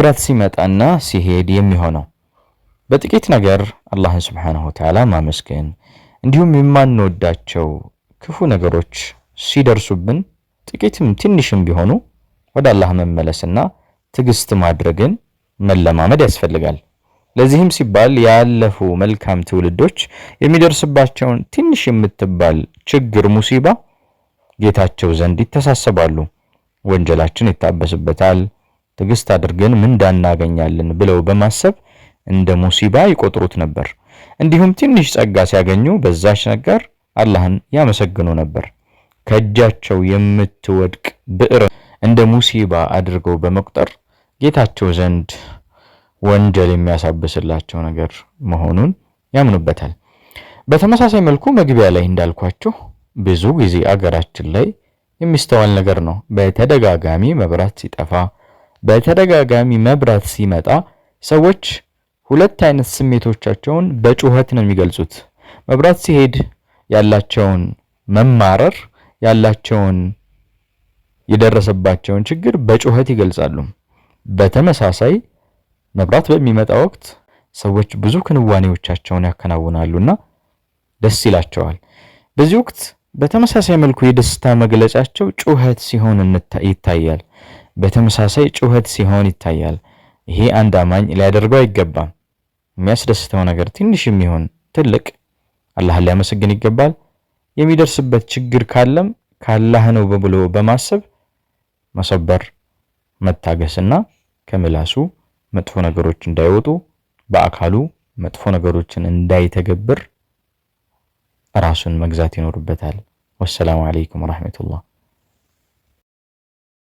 ብረት ሲመጣና ሲሄድ የሚሆነው በጥቂት ነገር አላህን ስብሓንሁ ወተዓላ ማመስገን እንዲሁም የማንወዳቸው ክፉ ነገሮች ሲደርሱብን ጥቂትም ትንሽም ቢሆኑ ወደ አላህ መመለስና ትዕግስት ማድረግን መለማመድ ያስፈልጋል። ለዚህም ሲባል ያለፉ መልካም ትውልዶች የሚደርስባቸውን ትንሽ የምትባል ችግር ሙሲባ ጌታቸው ዘንድ ይተሳሰባሉ። ወንጀላችን ይታበስበታል። ትዕግስት አድርገን ምን እንዳናገኛለን ብለው በማሰብ እንደ ሙሲባ ይቆጥሩት ነበር። እንዲሁም ትንሽ ጸጋ ሲያገኙ በዛች ነገር አላህን ያመሰግኑ ነበር። ከእጃቸው የምትወድቅ ብዕር እንደ ሙሲባ አድርገው በመቁጠር ጌታቸው ዘንድ ወንጀል የሚያሳብስላቸው ነገር መሆኑን ያምኑበታል። በተመሳሳይ መልኩ መግቢያ ላይ እንዳልኳችሁ ብዙ ጊዜ አገራችን ላይ የሚስተዋል ነገር ነው። በተደጋጋሚ መብራት ሲጠፋ በተደጋጋሚ መብራት ሲመጣ ሰዎች ሁለት አይነት ስሜቶቻቸውን በጩኸት ነው የሚገልጹት። መብራት ሲሄድ ያላቸውን መማረር፣ ያላቸውን የደረሰባቸውን ችግር በጩኸት ይገልጻሉ። በተመሳሳይ መብራት በሚመጣ ወቅት ሰዎች ብዙ ክንዋኔዎቻቸውን ያከናውናሉና ደስ ይላቸዋል። በዚህ ወቅት በተመሳሳይ መልኩ የደስታ መግለጫቸው ጩኸት ሲሆን ይታያል። በተመሳሳይ ጩኸት ሲሆን ይታያል። ይሄ አንድ አማኝ ሊያደርገው አይገባም። የሚያስደስተው ነገር ትንሽም ይሁን ትልቅ አላህን ሊያመሰግን ይገባል። የሚደርስበት ችግር ካለም ካላህ ነው ብሎ በማሰብ መሰበር፣ መታገስና ከምላሱ መጥፎ ነገሮች እንዳይወጡ በአካሉ መጥፎ ነገሮችን እንዳይተገብር ራሱን መግዛት ይኖርበታል። ወሰላሙ አለይኩም ወራህመቱላህ